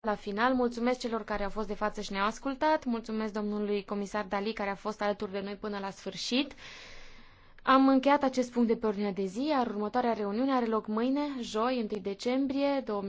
la final. Mulțumesc celor care au fost de față și ne-au ascultat. Mulțumesc domnului comisar Dali care a fost alături de noi până la sfârșit. Am încheiat acest punct de pe ordinea de zi, iar următoarea reuniune are loc mâine, joi, 1 decembrie 2011.